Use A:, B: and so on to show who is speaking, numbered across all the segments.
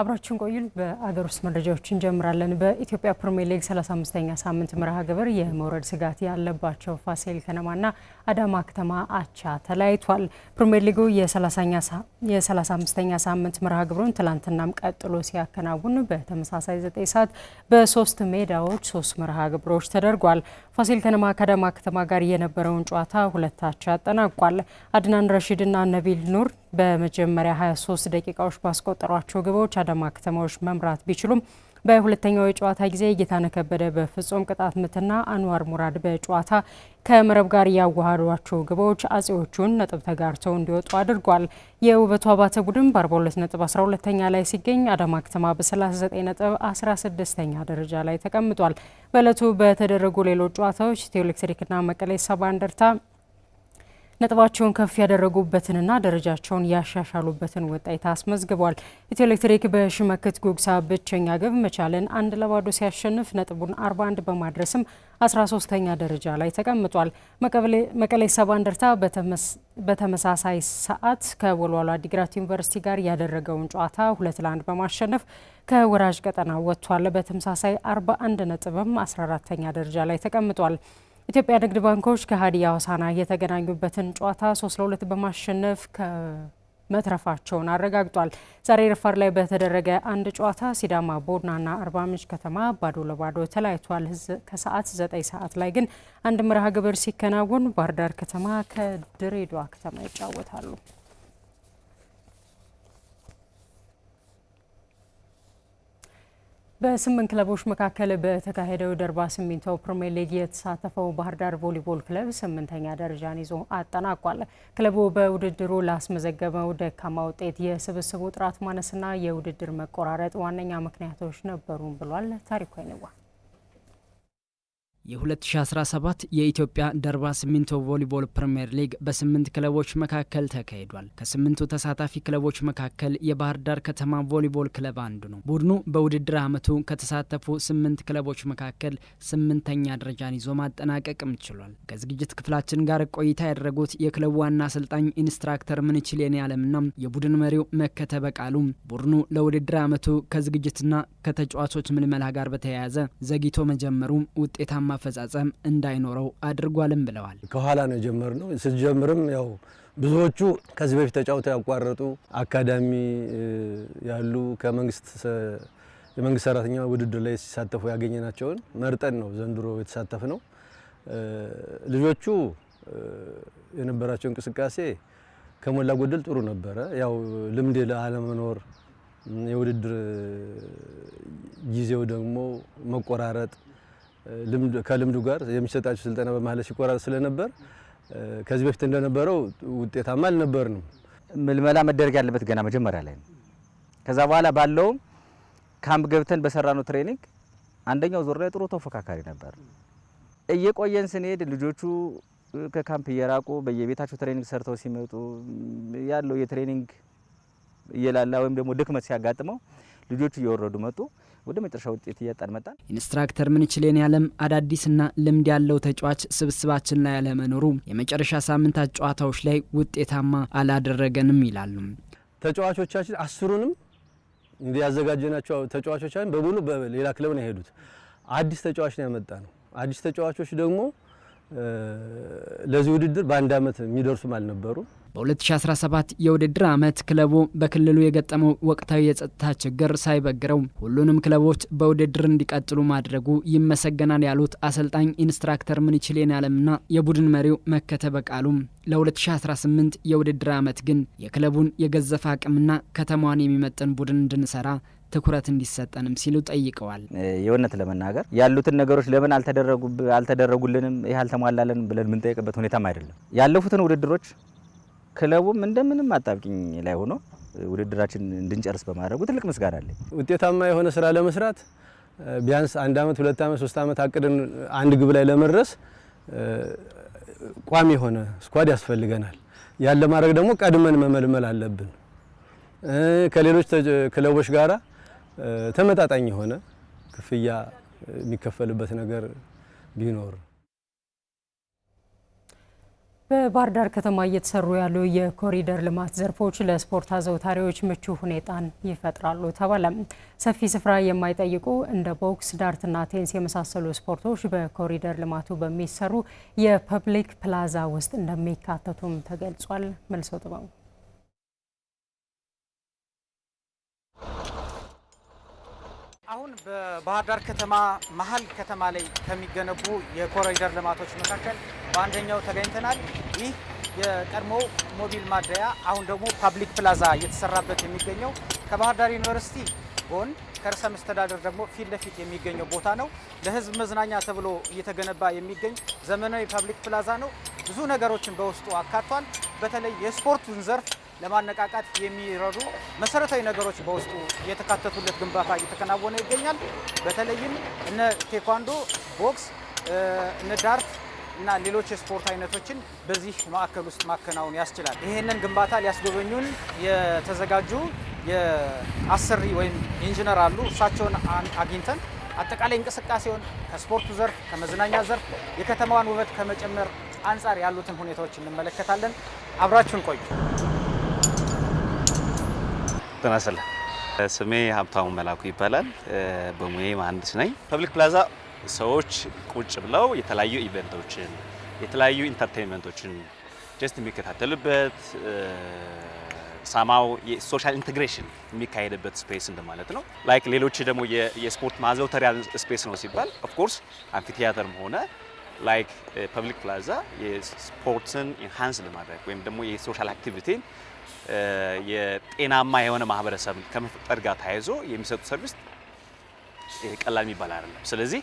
A: አብራችን ቆዩን። በአገር ውስጥ መረጃዎች እንጀምራለን። በኢትዮጵያ ፕሪሚየር ሊግ 35ኛ ሳምንት መርሃ ግብር የመውረድ ስጋት ያለባቸው ፋሲል ከነማና አዳማ ከተማ አቻ ተለያይቷል። ፕሪሚየር ሊጉ የ35ኛ ሳምንት መርሃ ግብሩን ትላንትናም ቀጥሎ ሲያከናውን በተመሳሳይ 9 ሰዓት በሶስት ሜዳዎች ሶስት መርሃ ግብሮች ተደርጓል። ፋሲል ከነማ ከአዳማ ከተማ ጋር የነበረውን ጨዋታ ሁለት አቻ አጠናቋል። አድናን ረሺድና ነቢል ኑር በመጀመሪያ 23 ደቂቃዎች ባስቆጠሯቸው ግቦች አዳማ ከተማዎች መምራት ቢችሉም በሁለተኛው የጨዋታ ጊዜ ጌታነህ ከበደ በፍጹም ቅጣት ምትና አንዋር ሙራድ በጨዋታ ከመረብ ጋር ያዋሃዷቸው ግቦች አጼዎቹን ነጥብ ተጋርተው እንዲወጡ አድርጓል። የውበቱ አባተ ቡድን በ42 ነጥብ 12ኛ ላይ ሲገኝ አዳማ ከተማ በ39 ነጥብ 16ኛ ደረጃ ላይ ተቀምጧል። በእለቱ በተደረጉ ሌሎች ጨዋታዎች ኢትዮ ኤሌክትሪክና መቀሌ ሰባ እንደርታ ነጥባቸውን ከፍ ያደረጉበትንና ደረጃቸውን ያሻሻሉበትን ውጤት አስመዝግቧል። ኢትዮ ኤሌክትሪክ በሽመክት ጉግሳ ብቸኛ ግብ መቻልን አንድ ለባዶ ሲያሸንፍ ነጥቡን 41 በማድረስም 13ተኛ ደረጃ ላይ ተቀምጧል። መቀሌ ሰባ እንደርታ በተመሳሳይ ሰዓት ከወልዋሎ ዲግራት ዩኒቨርሲቲ ጋር ያደረገውን ጨዋታ ሁለት ለአንድ በማሸነፍ ከወራጅ ቀጠና ወጥቷል። በተመሳሳይ 41 ነጥብም 14ተኛ ደረጃ ላይ ተቀምጧል። ኢትዮጵያ ንግድ ባንኮች ከሀዲያ ሆሳዕና የተገናኙበትን ጨዋታ ሶስት ለሁለት በማሸነፍ መትረፋቸውን አረጋግጧል። ዛሬ ረፋድ ላይ በተደረገ አንድ ጨዋታ ሲዳማ ቦናና አርባ ምንጭ ከተማ ባዶ ለባዶ ተለያይቷል። ከሰዓት ዘጠኝ ሰዓት ላይ ግን አንድ መርሃ ግብር ሲከናወን ባህር ዳር ከተማ ከድሬዳዋ ከተማ ይጫወታሉ። በስምንት ክለቦች መካከል በተካሄደው ደርባ ሲሚንቶ ፕሪሚየር ሊግ የተሳተፈው ባህር ዳር ቮሊቦል ክለብ ስምንተኛ ደረጃን ይዞ አጠናቋል። ክለቡ በውድድሩ ላስመዘገበው ደካማ ውጤት የስብስቡ ጥራት ማነስና የውድድር መቆራረጥ ዋነኛ ምክንያቶች ነበሩም ብሏል። ታሪኩ አይንዋ
B: የ2017 የኢትዮጵያ ደርባ ሲሚንቶ ቮሊቦል ፕሪምየር ሊግ በስምንት ክለቦች መካከል ተካሂዷል። ከስምንቱ ተሳታፊ ክለቦች መካከል የባህር ዳር ከተማ ቮሊቦል ክለብ አንዱ ነው። ቡድኑ በውድድር ዓመቱ ከተሳተፉ ስምንት ክለቦች መካከል ስምንተኛ ደረጃን ይዞ ማጠናቀቅም ችሏል። ከዝግጅት ክፍላችን ጋር ቆይታ ያደረጉት የክለቡ ዋና አሰልጣኝ ኢንስትራክተር ምንችል የኔ አለምና የቡድን መሪው መከተ በቃሉም ቡድኑ ለውድድር ዓመቱ ከዝግጅትና ከተጫዋቾች ምልመላ ጋር በተያያዘ ዘግይቶ መጀመሩ ውጤታማ አፈጻጸም እንዳይኖረው አድርጓልም ብለዋል።
C: ከኋላ ነው የጀመርነው። ስጀምርም ያው ብዙዎቹ ከዚህ በፊት ተጫውተው ያቋረጡ አካዳሚ ያሉ ከመንግስት የመንግስት ሰራተኛ ውድድር ላይ ሲሳተፉ ያገኘናቸውን መርጠን ነው ዘንድሮ የተሳተፍ ነው። ልጆቹ የነበራቸው እንቅስቃሴ ከሞላ ጎደል ጥሩ ነበረ። ያው ልምድ ለአለመኖር የውድድር ጊዜው ደግሞ መቆራረጥ ከልምዱ ጋር የሚሰጣቸው ስልጠና በመሀል ሲቆራረጥ ስለነበር ከዚህ በፊት እንደነበረው ውጤታማ አልነበርንም።
D: ምልመላ መደረግ ያለበት ገና መጀመሪያ ላይ ነው። ከዛ በኋላ ባለውም ካምፕ ገብተን በሰራነው ትሬኒንግ አንደኛው ዞር ላይ ጥሩ ተፎካካሪ ነበር። እየቆየን ስንሄድ ልጆቹ ከካምፕ እየራቁ በየቤታቸው ትሬኒንግ ሰርተው ሲመጡ ያለው የትሬኒንግ እየላላ ወይም ደግሞ ድክመት ሲያጋጥመው ልጆቹ እየወረዱ መጡ። ወደ መጨረሻ ውጤት እያጣን መጣን።
B: ኢንስትራክተር ምንችሌን ያለም አዳዲስና ልምድ ያለው ተጫዋች ስብስባችን ላይ ያለመኖሩ የመጨረሻ ሳምንታት ጨዋታዎች ላይ ውጤታማ አላደረገንም ይላሉ።
C: ተጫዋቾቻችን አስሩንም ያዘጋጀናቸው ተጫዋቾቻችን በሙሉ በሌላ ክለብ ነው የሄዱት። አዲስ ተጫዋች ነው ያመጣ ነው። አዲስ ተጫዋቾች ደግሞ ለዚህ ውድድር በአንድ ዓመት የሚደርሱም አልነበሩ።
B: በ2017 የውድድር ዓመት ክለቡ በክልሉ የገጠመው ወቅታዊ የጸጥታ ችግር ሳይበግረው ሁሉንም ክለቦች በውድድር እንዲቀጥሉ ማድረጉ ይመሰገናል ያሉት አሰልጣኝ ኢንስትራክተር ምንችሌን አለምና የቡድን መሪው መከተ በቃሉም ለ2018 የውድድር ዓመት ግን የክለቡን የገዘፈ አቅምና ከተማዋን የሚመጥን ቡድን እንድንሰራ ትኩረት እንዲሰጠንም ሲሉ ጠይቀዋል።
D: የእውነት ለመናገር ያሉትን ነገሮች ለምን አልተደረጉልንም ይህ አልተሟላለን ብለን የምንጠይቅበት ሁኔታም አይደለም። ያለፉትን ውድድሮች ክለቡም እንደምንም አጣብቂኝ ላይ ሆኖ ውድድራችን እንድንጨርስ በማድረጉ ትልቅ ምስጋና አለኝ።
C: ውጤታማ የሆነ ስራ ለመስራት ቢያንስ አንድ አመት፣ ሁለት አመት፣ ሶስት አመት አቅድን አንድ ግብ ላይ ለመድረስ ቋሚ የሆነ ስኳድ ያስፈልገናል። ያን ለማድረግ ደግሞ ቀድመን መመልመል አለብን ከሌሎች ክለቦች ጋራ ተመጣጣኝ የሆነ ክፍያ የሚከፈልበት ነገር ቢኖር
A: በባህር ዳር ከተማ እየተሰሩ ያሉ የኮሪደር ልማት ዘርፎች ለስፖርት አዘውታሪዎች ምቹ ሁኔታን ይፈጥራሉ ተባለ። ሰፊ ስፍራ የማይጠይቁ እንደ ቦክስ፣ ዳርትና ቴኒስ የመሳሰሉ ስፖርቶች በኮሪደር ልማቱ በሚሰሩ የፐብሊክ ፕላዛ ውስጥ እንደሚካተቱም ተገልጿል። መልሶ ጥበቡ
E: አሁን በባህር ዳር ከተማ መሀል ከተማ ላይ ከሚገነቡ የኮሪደር ልማቶች መካከል በአንደኛው ተገኝተናል። ይህ የቀድሞ ሞቢል ማደያ አሁን ደግሞ ፓብሊክ ፕላዛ እየተሰራበት የሚገኘው ከባህር ዳር ዩኒቨርሲቲ ጎን ከርዕሰ መስተዳደር ደግሞ ፊት ለፊት የሚገኘው ቦታ ነው። ለህዝብ መዝናኛ ተብሎ እየተገነባ የሚገኝ ዘመናዊ ፓብሊክ ፕላዛ ነው። ብዙ ነገሮችን በውስጡ አካቷል። በተለይ የስፖርቱን ዘርፍ ለማነቃቃት የሚረዱ መሰረታዊ ነገሮች በውስጡ የተካተቱለት ግንባታ እየተከናወነ ይገኛል። በተለይም እነ ቴኳንዶ፣ ቦክስ፣ እነ ዳርት እና ሌሎች የስፖርት አይነቶችን በዚህ ማዕከል ውስጥ ማከናወን ያስችላል። ይህንን ግንባታ ሊያስጎበኙን የተዘጋጁ የአሰሪ ወይም ኢንጂነር አሉ። እሳቸውን አግኝተን አጠቃላይ እንቅስቃሴውን ከስፖርቱ ዘርፍ ከመዝናኛ ዘርፍ የከተማዋን ውበት ከመጨመር አንጻር ያሉትን ሁኔታዎች እንመለከታለን። አብራችሁን ቆዩ።
F: ጤና ይስጥልኝ። ስሜ ሀብታሙ መላኩ ይባላል። በሙዬ መሀንዲስ ነኝ። ፐብሊክ ፕላዛ ሰዎች ቁጭ ብለው የተለያዩ ኢቨንቶችን፣ የተለያዩ ኢንተርቴንመንቶችን ጀስት የሚከታተሉበት ሳማው የሶሻል ኢንቴግሬሽን የሚካሄድበት ስፔስ እንደማለት ነው። ላይክ ሌሎች ደግሞ የስፖርት ማዘውተሪያ ስፔስ ነው ሲባል ኦፍኮርስ አምፊቲያተርም ሆነ ላይክ ፐብሊክ ፕላዛ የስፖርትን ኢንሃንስ ለማድረግ ወይም ደግሞ የሶሻል አክቲቪቲን የጤናማ የሆነ ማህበረሰብ ከመፍጠር ጋር ተያይዞ የሚሰጡ ሰርቪስ ቀላል የሚባል አይደለም። ስለዚህ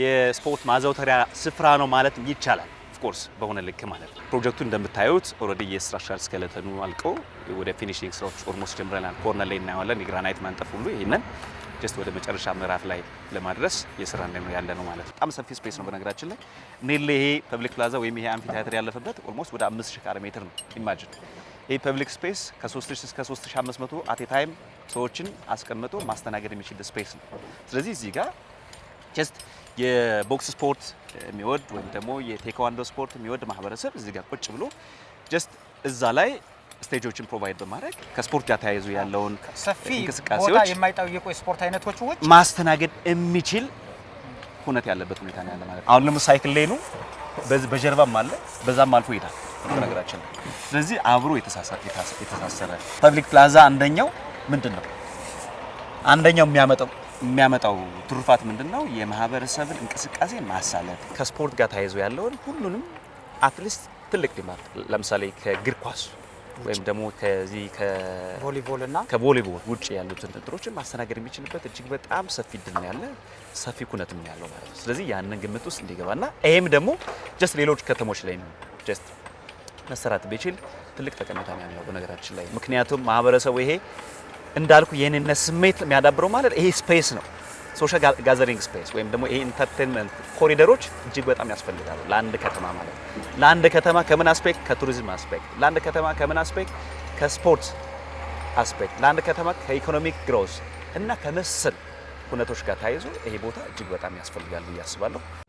F: የስፖርት ማዘውተሪያ ስፍራ ነው ማለት ይቻላል። ኦፍኮርስ በሆነ ልክ ማለት ነው። ፕሮጀክቱ እንደምታዩት ኦልሬዲ የስትራክቸራል ስኬለተኑ አልቀው ወደ ፊኒሽንግ ስራዎች ኦልሞስት ጀምረናል። ኮርነር ላይ እናየዋለን። የግራናይት ማንጠፍ ሁሉ ይህንን ጀስት ወደ መጨረሻ ምዕራፍ ላይ ለማድረስ የስራ እንደ ያለ ነው ማለት ነው። በጣም ሰፊ ስፔስ ነው በነገራችን ላይ ኔል ይሄ ፐብሊክ ፕላዛ ወይም ይሄ አምፊ ያለፈበት ኦልሞስት ወደ አምስት ሺህ ካሬ ሜትር ነው ኢማጅን ይህ ፐብሊክ ስፔስ ከ3000 እስከ 3500 አቴ ታይም ሰዎችን አስቀምጦ ማስተናገድ የሚችል ስፔስ ነው። ስለዚህ እዚህ ጋር ጀስት የቦክስ ስፖርት የሚወድ ወይም ደግሞ የቴኳንዶ ስፖርት የሚወድ ማህበረሰብ እዚህ ጋር ቁጭ ብሎ ጀስት እዛ ላይ ስቴጆችን ፕሮቫይድ በማድረግ ከስፖርት ጋር ተያይዙ ያለውን ሰፊ ቦታ
E: የማይጠየቁ የስፖርት አይነቶች
F: ማስተናገድ የሚችል ሁነት ያለበት ሁኔታ ነው ያለ ማለት ነው። አሁን ለምሳይክል ሌኑ በጀርባም አለ፣ በዛም አልፎ ይሄዳል። በነገራችን ላይ። ስለዚህ አብሮ የተሳሰረ ፐብሊክ ፕላዛ አንደኛው ምንድን ነው አንደኛው የሚያመጣው የሚያመጣው ትሩፋት ምንድን ነው? የማህበረሰብን እንቅስቃሴ ማሳለጥ ከስፖርት ጋር ተያይዞ ያለውን ሁሉንም አትሊስት ትልቅ ዲማንድ ለምሳሌ ከእግር ኳስ ወይም ደግሞ ከዚህ ከቮሊቦል እና ከቮሊቦል ውጭ ያሉትን እንትኖችን ማስተናገድ የሚችልበት እጅግ በጣም ሰፊ እድል ነው ያለ ሰፊ ኩነት ነው ያለው ማለት ነው። ስለዚህ ያንን ግምት ውስጥ እንዲገባና ይሄም ደግሞ ጀስት ሌሎች ከተሞች ላይ ጀስት መሰራት ቢችል ትልቅ ጠቀሜታ ነው ያለው በነገራችን ላይ። ምክንያቱም ማህበረሰቡ ይሄ እንዳልኩ የኔነት ስሜት የሚያዳብረው ማለት ይሄ ስፔስ ነው ሶሻል ጋዘሪንግ ስፔስ ወይም ደግሞ ይሄ ኢንተርቴንመንት ኮሪደሮች እጅግ በጣም ያስፈልጋሉ ለአንድ ከተማ ማለት ለአንድ ከተማ ከምን አስፔክት ከቱሪዝም አስፔክት ለአንድ ከተማ ከምን አስፔክት ከስፖርት አስፔክት ለአንድ ከተማ ከኢኮኖሚክ ግሮዝ እና ከመሰል ሁነቶች ጋር ተያይዞ ይሄ ቦታ እጅግ በጣም ያስፈልጋል ብዬ አስባለሁ።